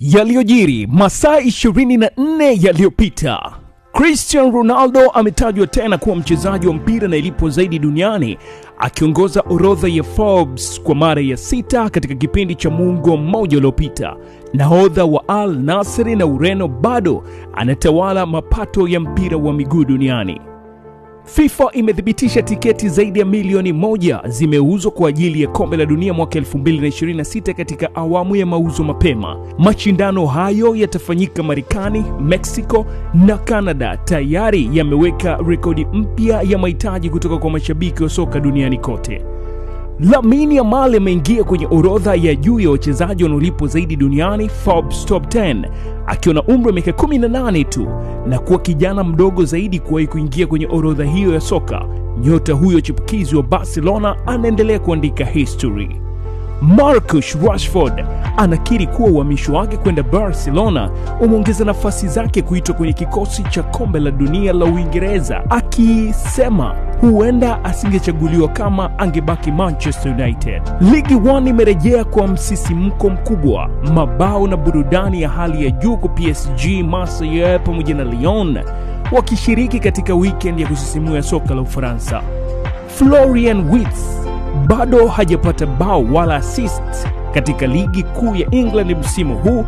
Yaliyojiri masaa 24 yaliyopita. Cristiano Ronaldo ametajwa tena kuwa mchezaji wa mpira na ilipo zaidi duniani akiongoza orodha ya Forbes kwa mara ya sita katika kipindi cha muongo mmoja uliopita. Nahodha wa Al Nassr na Ureno bado anatawala mapato ya mpira wa miguu duniani. FIFA imethibitisha tiketi zaidi ya milioni moja zimeuzwa kwa ajili ya kombe la dunia mwaka 2026 katika awamu ya mauzo mapema. Mashindano hayo yatafanyika Marekani, Mexico na Canada. Tayari yameweka rekodi mpya ya mahitaji kutoka kwa mashabiki wa soka duniani kote. Lamine Yamal ameingia kwenye orodha ya juu ya wachezaji wanaolipwa zaidi duniani Forbes Top 10 akiwa na umri wa miaka 18 tu na kuwa kijana mdogo zaidi kuwahi kuingia kwenye orodha hiyo ya soka. Nyota huyo chipukizi wa Barcelona anaendelea kuandika history. Marcus Rashford anakiri kuwa uhamisho wake kwenda Barcelona umeongeza nafasi zake kuitwa kwenye kikosi cha kombe la dunia la Uingereza, akisema huenda asingechaguliwa kama angebaki Manchester United. Ligi 1 imerejea kwa msisimko mkubwa, mabao na burudani ya hali ya juu kwa PSG, Marseille pamoja na Lyon wakishiriki katika weekend ya kusisimua soka la Ufaransa. Florian Wirtz bado hajapata bao wala assist katika ligi kuu ya England msimu huu.